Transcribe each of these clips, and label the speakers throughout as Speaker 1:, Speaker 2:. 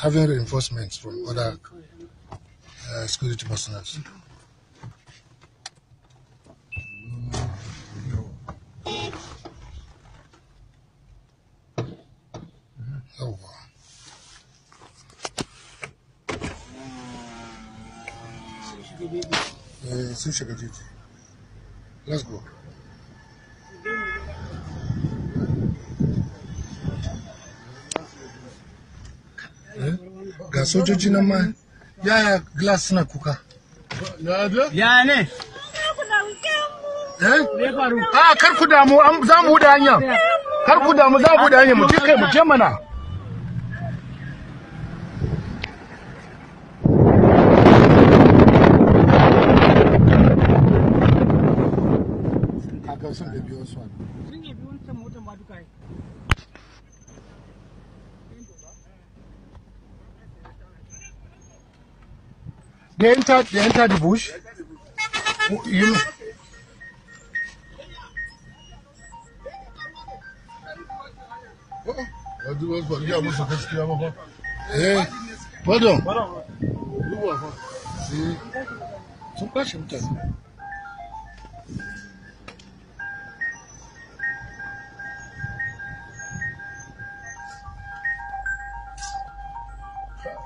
Speaker 1: having reinforcements from other uh, security personnel.
Speaker 2: Oh, uh, Let's go.
Speaker 1: ga sojoji nan ma yaya glass suna kuka ya ne eh ah kar ku damu za mu huda hanya
Speaker 3: kar ku damu za mu huda hanya mu je kai mu je mana
Speaker 1: Kaga sun They entered, they entered the bush. You know.
Speaker 2: Hey, eh,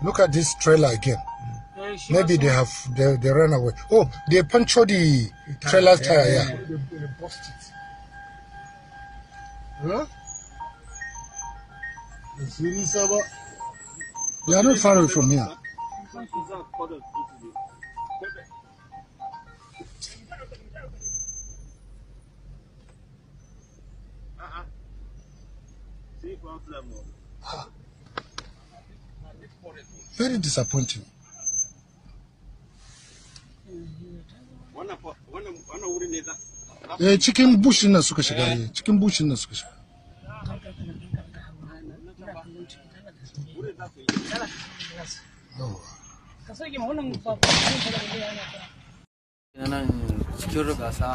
Speaker 1: Look at this trailer again. Maybe they have they, they ran away. Oh, they punctured the, the tire, trailer's yeah, tire. Yeah,
Speaker 3: They, they bust it.
Speaker 1: Huh? They are not far away from here.
Speaker 3: Uh-uh. Oh. Ah.
Speaker 1: Very disappointing.
Speaker 3: wannan ne za eh
Speaker 1: cikin bushin nan suka shiga ne eh. eh, cikin bushin nan suka shiga nan cikin rugasa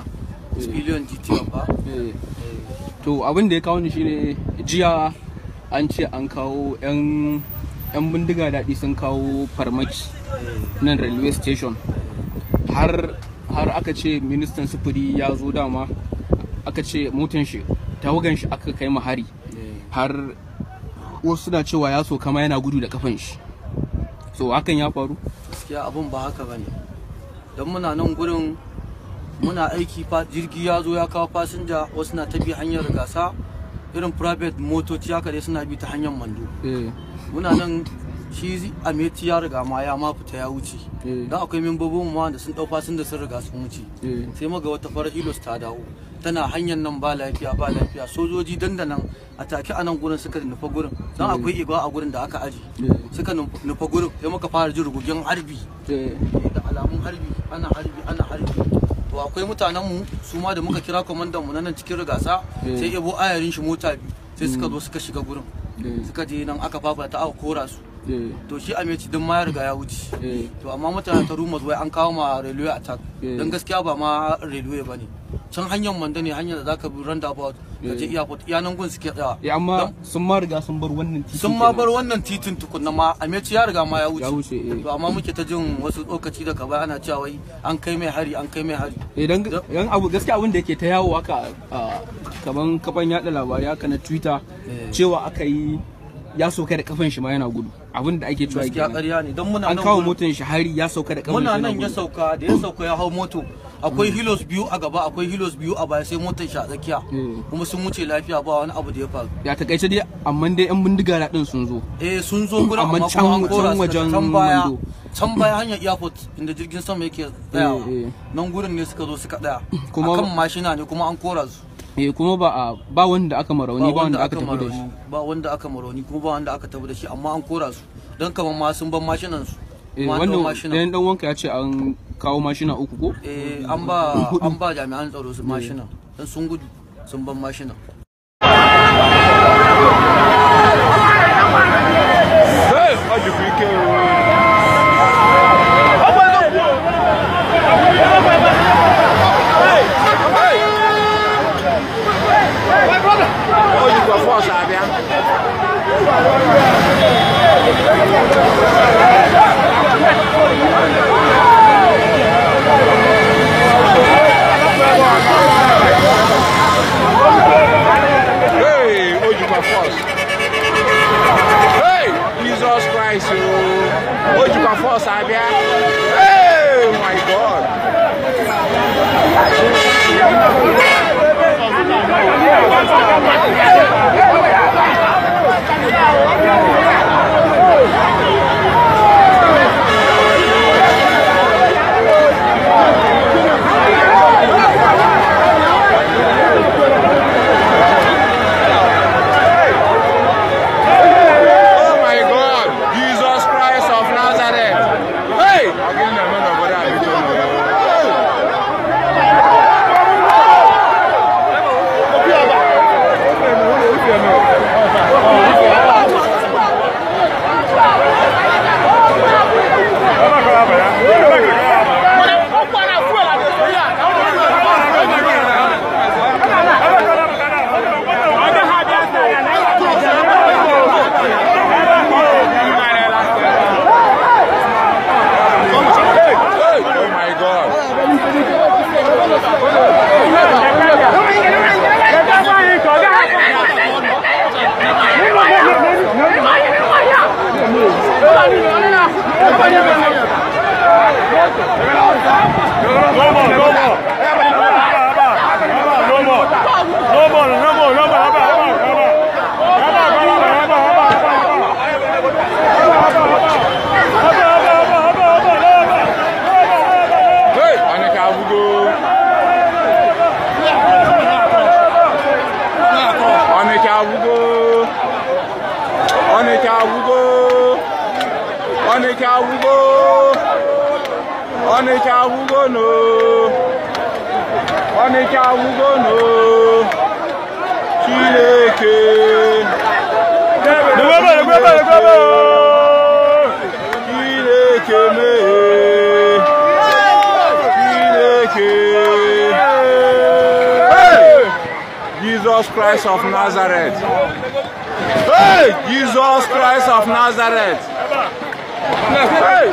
Speaker 1: spilion gt ba eh.
Speaker 2: to abin da ya kawo ni shine jiya an ce an kawo 'yan yan bindiga daɗi sun kawo farmaki nan railway station har har aka ce ministan sufuri ya zo dama aka ce motan shi tawagan shi aka kai hari eh. har wasu suna cewa ya soka ma yana gudu da kafan shi so hakan ya faru
Speaker 1: gaskiya abun ba haka bane don muna nan gurin muna aiki jirgi ya zo ya kawo fasinja wasu na ta bi hanyar gasa irin private motoci haka dai suna bi ta hanyar mando eh. muna nan shi meti ya riga ma ya ma fita ya wuce eh. don akwai membobin ma da sun dau fasinja sun riga sun wuce eh. sai maga wata farar ilos ta dawo tana hanyar nan ba lafiya ba lafiya sojoji dandanan a take a nan gurin suka nufa gurin don eh. akwai igwa a gurin da aka aji suka nufa gurin sai muka fara jin rugugin harbi da alamun harbi ana harbi ana harbi to akwai mutanen mu su ma da muka kira kwamandan mu nan cikin rigasa sai yabo ayarin shi mota biyu sai suka zo suka shiga gurin suka je nan aka fafata aka kora su Eh. to shi a meci don mayar ga riga ya wuce eh. to amma mutane ta rumors wai an kawo ma railway attack eh. don gaskiya ba ma railway ba ne can hanyar manda ne hanyar da zaka bi roundabout ka je airport yanan gun suke tsawa ya amma
Speaker 2: sun ma riga sun bar wannan titin sun ma bar
Speaker 1: wannan titin tukunna ma a meci ya riga ma ya wuce to amma muke ta jin wasu tsokaci daga baya ana cewa wai an kai mai hari an kai mai hari idan abu gaskiya abin da yake ta yawo haka ah, kaman
Speaker 2: kafan yada labarai haka na twitter cewa aka yi ya sauka da kafan shi ma yana gudu abin da ake cewa gaskiya ƙarya ne don muna nan an kawo motan shi hari ya sauka da kafan shi muna nan ya
Speaker 1: sauka da ya sauka ya hau moto akwai hilos biyu a gaba akwai hilos biyu a baya sai motar shi a tsakiya hmm. kuma sun wuce lafiya ba wani abu da ya faru
Speaker 2: ya takaice dai amma dai yan bindiga din sun zo
Speaker 1: eh sun zo gura amma kuma an kora wajen can baya can baya hanya airport inda jirgin sama yake tsayawa eh, eh. nan gurin ne suka zo suka tsaya kuma kan mashina ne kuma an kora su
Speaker 2: eh kuma ba ba wanda aka marauni ba wanda aka tafi da shi
Speaker 1: ba wanda aka marauni kuma ba wanda aka tafi da shi amma an kora su dan kaman ma sun ban mashinan su eh, wannan
Speaker 2: dan dan wanka ya ce an kawo mashina uku
Speaker 1: ko eh an ba an ba jami'an tsaro su mashina dan sun gudu sun ban mashina
Speaker 3: Hey, you Vai, vai, vai. ¡Vamos, vamos! Chineke anwụgono Chineke Chineke mee Chineke Jesus Christ of Nazareth Hey! Jesus Christ of Nazareth Hey!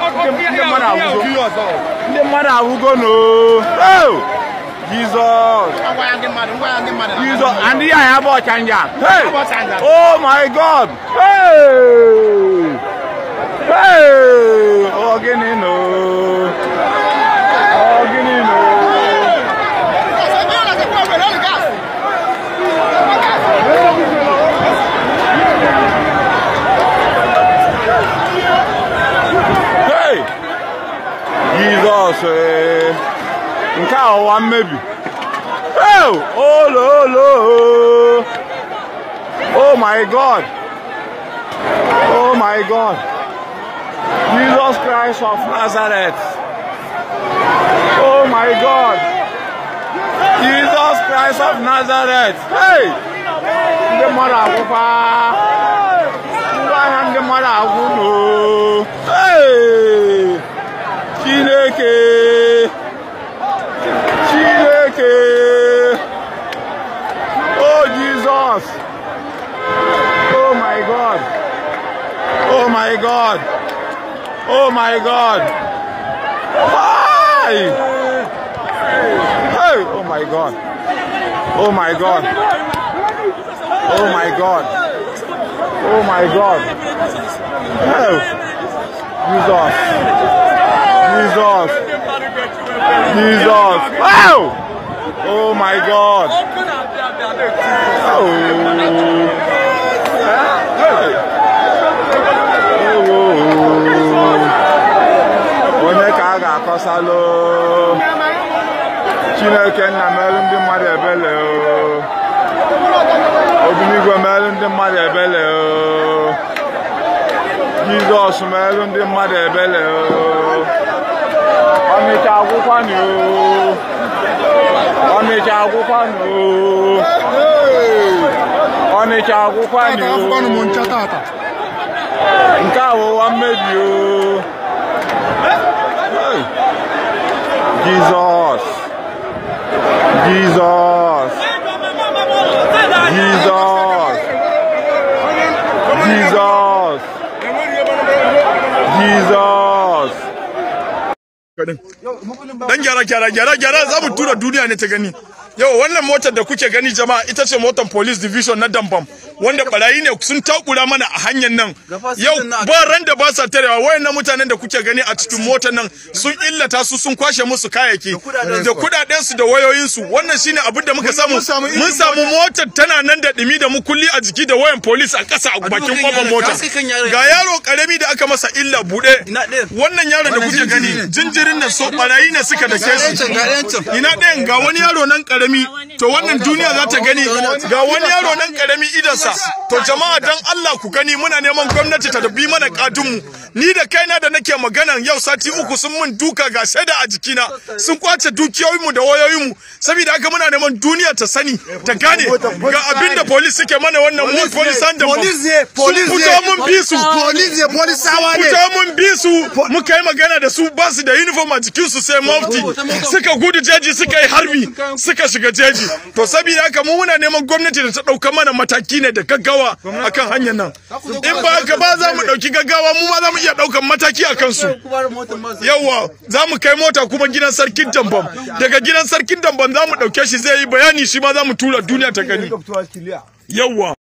Speaker 3: Ndị mmadụ awụgo n'oo! Hey! Jesus. Jesus. And here I have a changer. Hey. Oh my God. Hey. Hey. Oh, again, you know. maybe. Oh, oh, lo, lo. oh my God. Oh my God. Jesus Christ of Nazareth. Oh my God. Jesus Christ of Nazareth. Hey! The mother of I am the mother of Hey! Chineke. Oh my God! Why? Hey! Oh my God! Oh my God! Oh my God! Oh my God! Jesus! Jesus! Jesus! Wow! Oh my God! Oh! akọsalụ chineke nna merụ ndị mmadụ ebele obinigwe merụ ndị mmadụ ebele jizọs merụ ndị mmadụ ebele ọmịcha agwụkwanụ ọmịcha agwụkwanụ ọnịcha agwụkwanụ nke a wụwa mmebi o Jesus. Jesus. Jesus. Jesus. Jesus. Dan Jesus. Jesus. Jesus. Jesus. za mu tura duniya ne ta gani. yau wannan motar da kuke gani jama'a ita ce motar police division na dambam wanda barayi ne sun takura mana a hanyar nan yau ba ran da ba sa tarewa wayannan mutanen da kuke gani a cikin motar nan sun illata su sun kwashe musu kayayyaki da kudaden su da wayoyin su wannan shine abin da muka samu mun samu motar tana nan da dimi da mukulli a jiki da wayan police a kasa a bakin kofar mota ga yaro karami da aka masa illa bude wannan yaron da kuke gani jinjirin nan so barayi ne suka dake shi ina ɗayan ga wani yaro nan karami karami to wannan duniya za ta gani ga wani yaro nan karami idansa to jama'a dan Allah ku gani muna neman gwamnati ta dubi mana kadunmu ni da kaina da nake magana yau sati uku sun mun duka ga shaida a jikina sun kwace dukiyoyinmu da wayoyinmu saboda haka muna neman duniya ta sani ta gane ga abin da police suke mana wannan mun police and police police fito mun bi su police police ne fito mun bi su mu kai magana da su ba su da uniform a jikin su sai mufti suka gudu jeji suka yi harbi suka shiga jeji to saboda haka mu muna neman gwamnati da ta dauka mana mataki ne da gaggawa akan hanyar nan in ba haka ba za mu dauki gaggawa mu ma za mu iya daukan mataki a kansu yawa za mu kai mota kuma gidan sarkin dambam daga gidan sarkin dambam za mu dauke shi zai yi bayani shi ma za mu tura duniya ta gani yawa